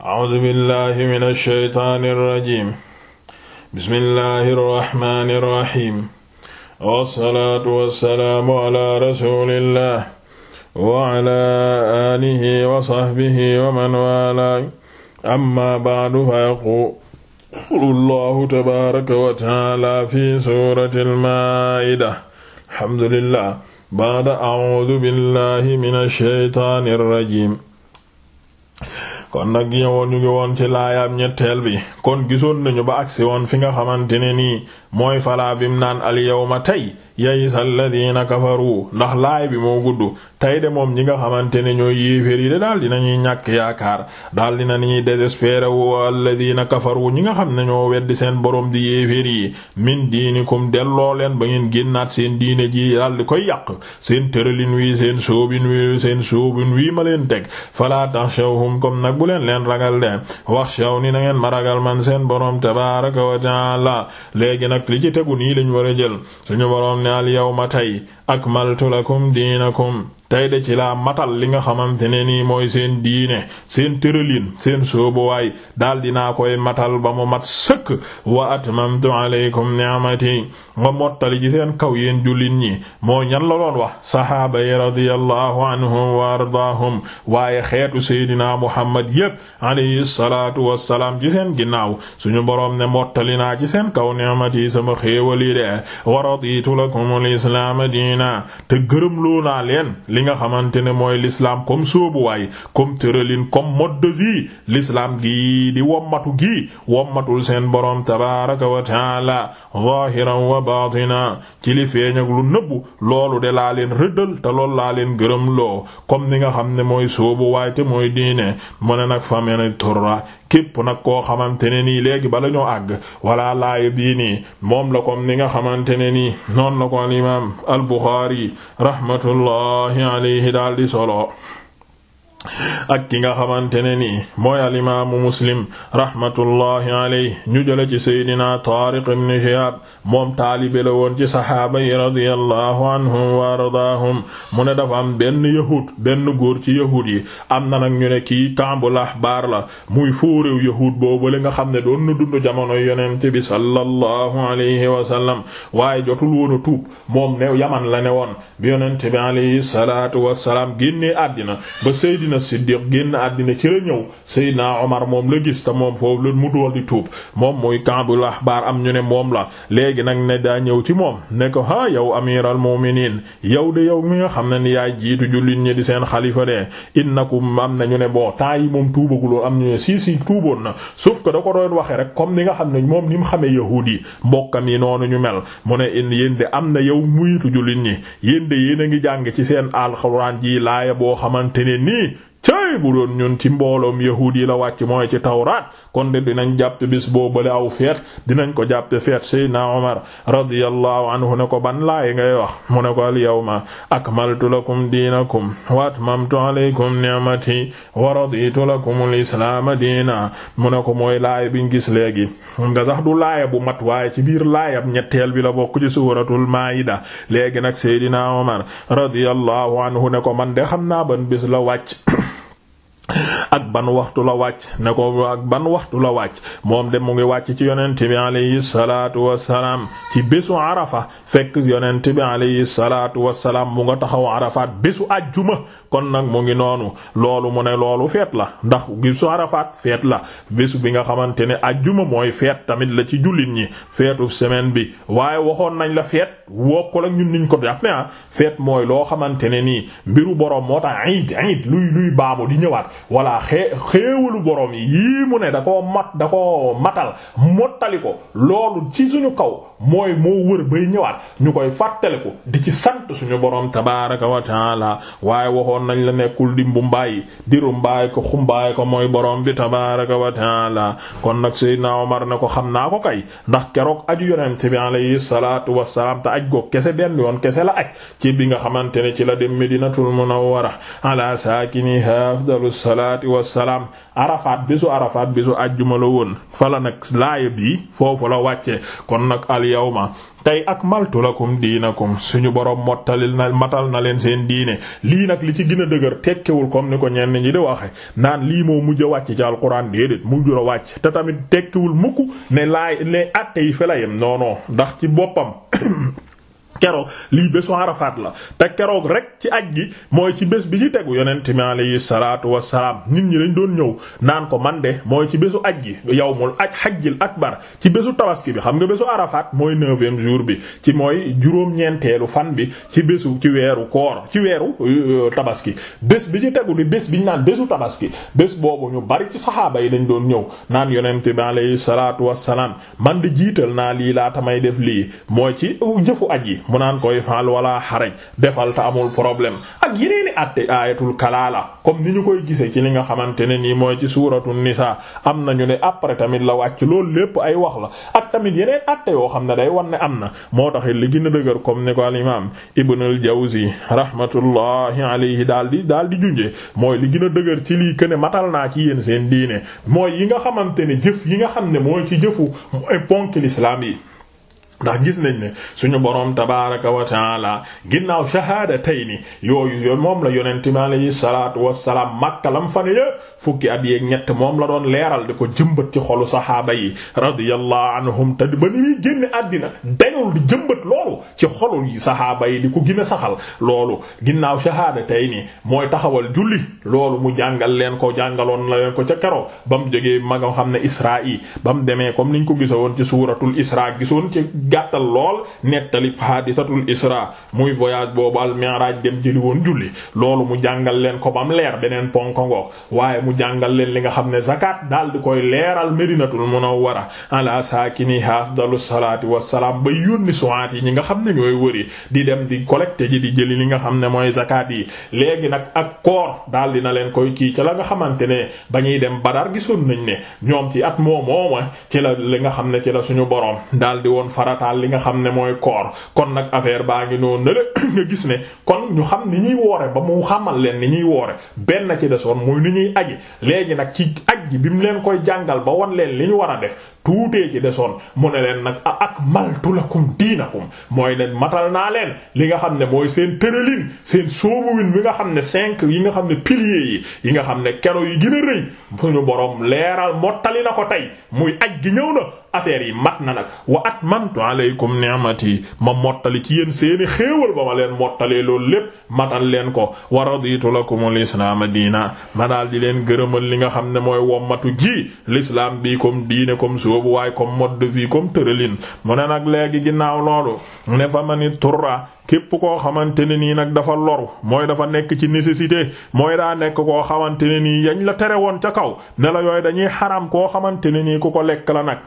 A'uuzu billaahi mina shaytaani rajiim. Bismillaahi rahmaani rahiim. Wassalaatu wassalaamu alaa rasuulillaah wa alaa aalihi wa sahbihi wa man waalaahu. Ammaa ba'du fa yaquulu llaahu tabaaraka wa ta'aalaa fi suuratil maa'ida. Alhamdulillaah. Ba'da a'uuzu billaahi mina shaytaani rajiim. kon nag ñëwoon ñu ngi woon ci laayaab ñetteel bi kon gisoon nañu ba agsi woon fi nga xamante ne nii mooy falaa bim naan al yawma tey yaysa alladina kafaru ndax laay bi moo gudd tey de moom ñi nga xamante ne ñooy yéeféer yi de daal dinañuy ñàkk yaakaar daal dina ñuy désespéré wu kafar wu ñi nga xam ne ñoo weddi seen boroom di yéeféer yi min diinikum delloo leen ba ngeen génnaat seen diine ji daal di koy yàq seen tëralin wi seen soobin wi seen soobin wi ma leen teg falaa taxshawhum bu leen leen ragal de wax shaw ni na ngeen ma ragal man seen borom tabaaraka wa la léegi nag li ci tegu nii lañ war a jël suñu borom ne al yawma tey akmaltu lakum diinakum tey de ci laa matal li nga xamante ne nii mooy seen diine seen tërëlin seen soobuwaay daal dinaa koy matal ba mu mat sëkk wa atmamtu alaykum ni'mati nga mottali ci seen kaw yéen jullit ñi moo ñan la sahaaba yi radiyallahu anhum wa ardaahum waaye xeetu seydinaa muhammad yépp alayhi salaatu wassalaam ci seen ginnaaw suñu borom ne mottali naa ci seen kaw ni'mati sama xéewali de wa raditu lakumul islaama diina te gërëm loo leen li nga xamante ne mooy l'islam comme sóobuwaay comme tëralin comme mode de vie l'islam gii di wommatu gii wommatul seen boroom tabaraka wa taala zahiran wa batina ci li feeñ ak lu nëbbu loolu de laa leen rëddal te loolu laa leen gërëm loo comme ni nga xam ne mooy sóobuwaay te mooy diine mu ne nag famene turra képp nag koo xamante ne nii léegi bala ñoo àgg wala laaya bii la comme ni nga xamante ne nii ko al imam rahmatullahi alayhi daal di solo ak ki nga xamante ne nii mooy al imaamu muslim rahmatullahi alayhi ñu jële ci seydina taariq ibn shihab moom taalibe la woon ci saxaaba yi radiyallahu anhum wa ardaahum mu ne dafa am benn yahud benn góor ci yahud yi am na nag ñu ne kii kambul ahbaar la muy fóoréew yahud boobu li nga xam ne doon na dund jamono yonent bi sallallahu alayhi wa sallam waaye jotul woon tuub moom ne yaman la ne woon bi yonent bi alayhi salaatu wassalaam génnee àddina seydina siddiq génn àddina ci la ñëw seydina omar moom la gis te moom foofu la mu dool di tuub moom muy kaabul axbaar am ñu ne moom la léegi nag ne daa ñëw ci moom ne ko ha yow amiral mu'minin yow de yow mi nga xam ne ni yaay jiitu jullit ñi di seen xalifa de innakum am na ñu ne boo temps yi moom tuubaguloon am ñu ne si si tuuboon na sauf que da ko doon waxe rek comme ni nga xam ne moom ni mu xamee yahuud yi mbokkam yi noonu ñu mel mu ne in yéen am na yow muyitu jullit ñi yéen de a ngi jàng ci seen bu doon ñun ci mbooloom yahuud yi la wàcc mooy ci tawraat kon de dinañ jàpp bis boobale aw feet dinañ ko jàppe feet Seydina Omar radiyallahu anhu ne ko ban laay ngay wax mu ne ko al yawma akmaltu lakum diinakum wa atmamtu alaykum ni'mati wa raditu lakum al islaama diina mu ne ko mooy laaya biñ gis léegi nga sax du laaya bu mat waaye ci biir laayab ñetteel bi la bokk ci suuratul maayida léegi nag Seydina Omar radiyallahu anhu ne ko man de xam naa ban bis la wàcc ak ban waxtu la wàcc ne ko ak ban waxtu la wàcc moom de mu ngi wàcc ci yonent bi alayhi salaatu wassalaam ci bésu arafa fekk yonent bi alayhi salaatu wassalaam mu nga taxaw arafaat bésu ajjuma kon nag mu ngi noonu loolu mu ne loolu feet la ndax bésu arafaat feet la bésu bi nga xamante ne ajjuma mooy feet tamit la ci jullit ñi feetu semaine bi waaye waxoon nañ la feet wokkul ak ñun niñ ko jàpp ne ah feet mooy loo xamante ne nii mbiru boroom moo tax iid baamu di ñëwaat voilà xee xéewalu borom yi yii mu ne da koo mat da koo matal mottali ko loolu ci suñu kaw mooy moo wër bay ñëwaat ñu koy fàttaliku di ci sant suñu borom tabaaraka wa taala waaye waxoon nañ la nekkul di mbumbaay di rumbaay ko xumbaay ko mooy borom bi tabaaraka wa taala kon nag Seydina Omar ne ko xam naa ko kay ndax keroog aju yonent bi alayhi salaatu wassalaam te aj go kese benn yoon kese la aj ci bi nga xamante ne ci la dem Medinatul Munawwara ala saakiniha afdalus salaati wassalaam arafaat bésu arafaat bésu àjjuma la woon fala nag laaya bii foofu la wàcce kon nag al yawma tey akmaltu lakum diinakum suñu borom mottalil na matal na leen seen diine lii nag li ci gën a dëgër tekkewul comme ni ko ñenn ñi di waxe naan lii moo mujj a wàcc ci alxuraan déedéet mujj a wàcc te tamit tekkiwul mukk ne laay ne àtte yi fa la yem ndax ci boppam keroog lii bésu Arafat la te keroog rek ci aj gi mooy ci bés bi ci tegu yonent mi alayhi salaatu wassalaam nit ñi dañ doon ñëw naan ko man de mooy ci bésu aj gi yawmul aj hajjil akbar ci bésu tabaski bi xam nga bésu Arafat mooy neuvième jour bi ci mooy juróom-ñeenteelu fan bi ci bésu ci weeru koor ci weeru euh, tabaski bés bi ci tegu di bés bi ñu naan bésu tabaski bés boobu ñu bari ci saxaaba yi dañ doon ñëw naan yonent mi alayhi salaatu wassalaam man di jiital naa lii laata may def lii mooy ci jëfu aj yi mu naan koy faal wala xaraj defal ta amul problème ak yeneeni àtte aayatul kalaala comme ni ñu koy gisee ci li nga xamante ne nii mooy ci suuratu nisaa am na ne après tamit la wàcc loolu lépp ay wax la ak tamit yeneen àtte yoo xam ne day wan ne am na moo tax li gën a dëgër comme ni ko al imaam Ibn al Jawzi rahmatullahi alayhi daal di daal di junjee mooy li gën a dëgër ci lii que ne matal naa ci yéen seen diine mooy yi nga xamante ne jëf yi nga xam ne mooy ci jëfu ponk l'islam yi. ndax gis nañ ne suñu borom tabaaraka wa taala ginnaaw ni yooyu yooyu moom la yonent mi alayhi salaatu wassalaam Makka lam fa ne fukki at yeeg ñett moom la doon leeral di ko jëmbat ci xolu saxaaba yi radiyallahu anhum te ba ni muy génne àddina dañul di jëmbat loolu ci xolu yi saxaaba yi di ko gën saxal loolu ginnaaw shahaadatayni mooy taxawal julli loolu mu jàngal leen ko jàngaloon la leen ko ca keroog ba mu jógee ma nga xam ne isra yi ba mu demee comme niñ ko gisoon ci suuratul Israa gisoon gàttal lool nettali hadisatul isra muy voyage boobu al mi'raj dem jëli woon julli loolu mu jàngal leen ko bam leer beneen ponkongo waaye mu jàngal leen li nga xam ne zakat daal di koy leeral medinatul munawwara ala saakiniha afdalus salaati wassalaam ba yónni suwaat yi ñi nga xam ne ñooy wëri di dem di collecte ji di jëli li nga xam ne mooy zakat yi léegi nag ak koor daal na leen koy kii ca la nga xamante ne ba dem badar gisoon nañ ne ñoom ci at moo mooma la li nga xam ne ci la suñu borom farataal li nga xam ne mooy koor kon nag affaire baa ngi noonu nale nga gis ne kon ñu xam ni ñuy woore ba mu xamal leen ni ñuy woore benn ci desoon mooy ni ñuy aji léegi nag ci aj bi mu leen koy jàngal ba wan leen li ñu war a def tuutee ci desoon mu ne leen nag ak maltu lakum diinakum mooy ne matal naa leen li nga xam ne mooy seen tëralin seen sóobuwin bi nga xam ne cinq yi nga xam ne piliers yi yi nga xam ne kero yi gën a rëy suñu boroom leeral mottali na ko tey muy aj gi ñëw affaire yi mat na nag wa atmamtu alaykum ni'mati ma mottali ci yéen seeni xéewal ba ma leen mottalee loolu lépp matal leen ko wa raditu lakumul islaama diina ma daal di leen gërëmal li nga xam ne mooy matu ji lislaam bii comme diine comme soobu waaye comme mode de vie comme tëralin mu ne nag léegi ginnaaw loolu ne fa mani turra képp koo xamante ne nii nag dafa loru mooy dafa nekk ci nécessité mooy daa nekk koo xamante ne nii yañ la tere woon ca kaw ne la yooyu dañuy xaram koo xamante ne nii ku ko lekk nag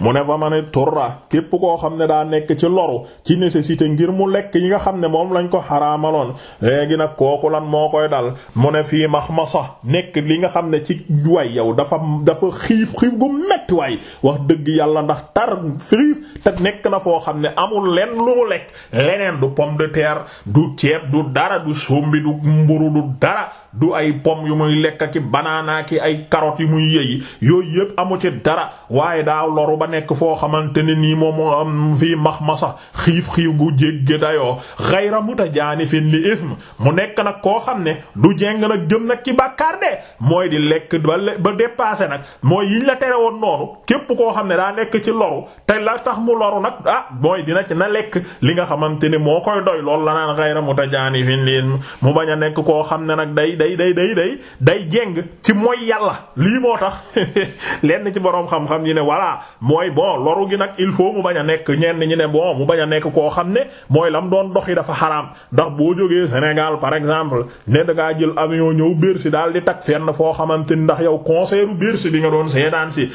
mu ne fa ma ne turra képp koo xam ne daa nekk ci loru ci nécessité ngir mu lekk yi nga xam ne moom lañ ko xaraamaloon léegi nag kooku lan moo koy dal mu ne fii max ma sax nekk li nga xam ne ci way yow dafa dafa xiif xiif gu met metti wax dëgg yàlla ndax tar xiif te nekk na foo xam ne amul len lu lekk leneen du pomme de terre du ceeb du dara du sombi du mburu du dara du ay pomme yu muy lekk ak banaana ki ay carottes yu muy yëyi yooyu yëpp amu ci dara waaye daa loru ba nekk foo xamante ne nii moom moo am fii max masa xiif xiif gu jégge dayoo xayra mutajaanifin li ism mu nekk nag koo xam ne du jeng nag jëm nag ci bàkkaar de mooy di lekk ba ba nag mooy yiñ la tere woon noonu noonu képp koo xam ne daa nekk ci loru te la tax mu loru nag ah mooy dina ci na lekk li nga xamante ni moo koy doy lool la naan xayra mutajaanifin liin mu bañ a nekk koo xam ne nag day day day day day day jéng ci mooy yàlla lii moo tax lenn ci boroom xam-xam ne voilà mooy bon loru gi nag il faut mu bañ a nekk ñenn ñi ne bon mu bañ a nekk koo xam ne mooy lam doon dox yi dafa xaraam ndax boo jógee Sénégal par exemple ne da ngaa jël avion ñëw si daal di tak fenn foo xamante ni ndax yow concert Bercy bi nga doon seetaan si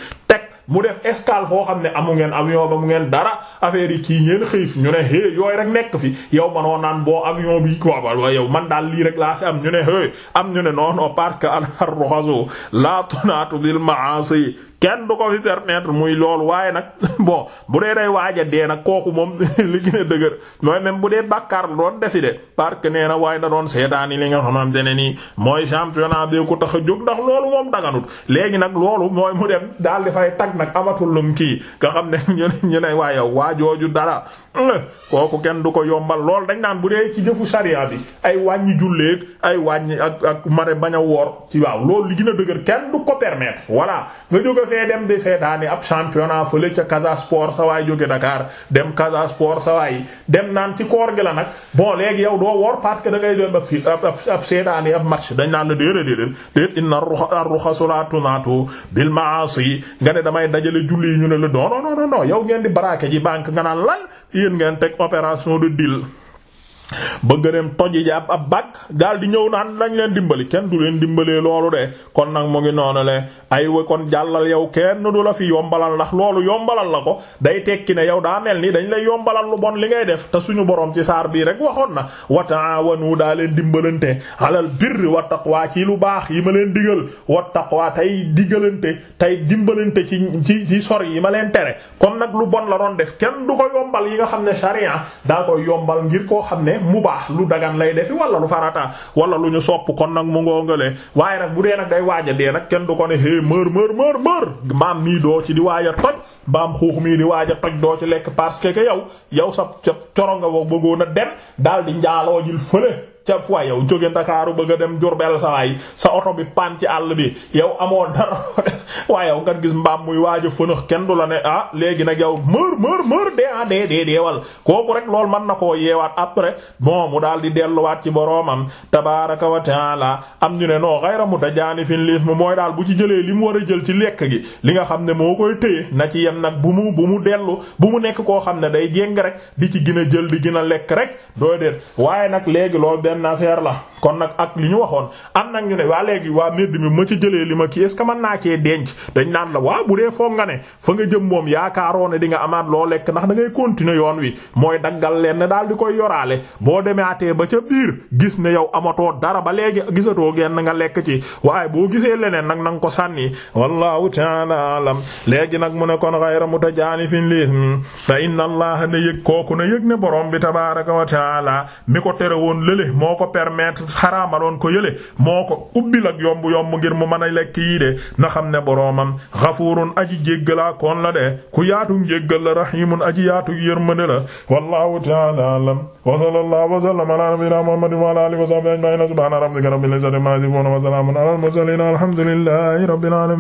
mu def escale foo xam ne amu ngeen avion ba mu ngeen dara affaire yi kii ngeen xiif ñu ne hé yooyu rek nekk fi yow manoo naan boo avion bi quoi waaye yow man daal lii rek laa fi am ñu ne hé am ñu ne non non parce que al-rukhsu la tunatu bil ma'asi kenn du ko fi permettre muy loolu waaye nag bon bu dee day waaja dee nag kooku moom li gën a dëgër mooy même bu dee bàkkaar la doon defi de parce que nee na waaye da doon seetaani li nga xamante ne nii mooy championnat bi ko tax a jóg ndax loolu moom daganut léegi nag loolu mooy mu dem daal di fay tag nag amatul lum kii nga xam ne ñu ne ñu ne waaye waajooju dara kooku kenn du ko yombal loolu dañ naan bu dee ci jëfu sariya bi ay wàññi julleek ay wàññi ak ak mare bañ a woor ci waaw loolu li gën a dëgër kenn du ko permettre voilà nga jóge fee dem di seetaani ab championnat fële ca Casa Sport sa waay jóge Dakar dem Casa Sport sa waay dem naan ci koor gi la nag bon léegi yow doo woor parce que da ngay dem ab fi ab ab seetaani ab match dañ naan la déedéet déedéet déet inna ar-rukhasa la tunatu bil ma'asi nga ne damay dajale julli ñu ne la doo non non non yow ngeen di braquer ji banque nga naan lan yéen ngeen teg opération de deal bëgg dem toji ji ab ab bàkk daal di ñëw naan nañ leen dimbali kenn du leen dimbalee loolu de kon nag mu ngi noonu le ay wa kon jàllal yow kenn du la fi yombalal ndax loolu yombalal la ko day tekki ne yow daa mel ni dañ lay yombalal lu bon li ngay def te suñu borom ci saar bii rek waxoon na wa ta'awanu daa dimbalante alal birri wa taqwa ci lu baax yi ma leen digal wa taqwa tey digalante tey dimbalante ci ci ci sori yi ma leen tere kon nag lu bon la doon def kenn du ko yombal yi nga xam ne sharia daa koy yombal ngir koo xam ne mu baax lu dagan lay defi wala lu farata wala lu ñu sopp kon nag mu ngoongale waaye nag bu dee nag day waaja dee nag kenn du ko ne hé mër mër mër mër maam mii doo ci di waaja toj baam xuux mii di waaja toj doo ci lekk parce que yow yow sa sa coro nga wa bëggoon a dem daal di njaaloo jil fële ca fois yow jóge Ndakaaru bëgg a dem Jurbel sa waay sa oto bi pan ci àll bi yow amoon dara waaye yow nga gis mbaam muy waaj a fënax kenn du la ne ah léegi nag yow mër mër mër dee ah dee dee deewal kooku rek lool mën na koo yeewaat après bon mu dal di delluwaat ci boroomam tabaaraka wa taala am ñu ne non xayra mutajaanifin li mu mooy daal bu ci jëlee li mu war a jël ci lekk gi li nga xam ne moo koy téye na ci yem nag bu mu bu mu dellu bu nekk koo xam ne day jéng rek di ci gën a jël di gën a lekk rek dooy benn affaire la kon nag ak li ñu waxoon am nag ñu ne waa léegi waa mbir mi ma ci jëlee li ma kii est ce que mën naa cee denc dañ naan la waa bu dee ne fa nga jëm moom yaakaaroo ne amaat loo lekk ndax da ngay continuer yoon wi mooy daggal leen ne daal di koy yoraale boo demaatee ba ca biir gis ne yow amatoo dara ba léegi gisatoo genn nga lekk ci waaye boo gisee leneen nag na nga ko sànni wallahu ta'ala alam léegi nag mu ne kon ghayra mutajanifin li fa inna allaha ne yëg kooku ne yëg ne borom bi moo ko permettre xaraamaloon ko yële moo ko ubbil ak yomb yomb ngir mu mën a lekk yii de na xam ne boroomam xafuurun aji jéggalaa koon la de ku yaatu njéggal la rahimun aji yaatu yërmande la wallahu ta'ala a'lam wa sallallahu wa sallama ala nabiyyina muhammadin wa ala alihi wa sahbihi ajma'in subhana rabbika rabbil izzati amma yasifun wa salamun ala al mursalin alhamdulillahi rabbil alamin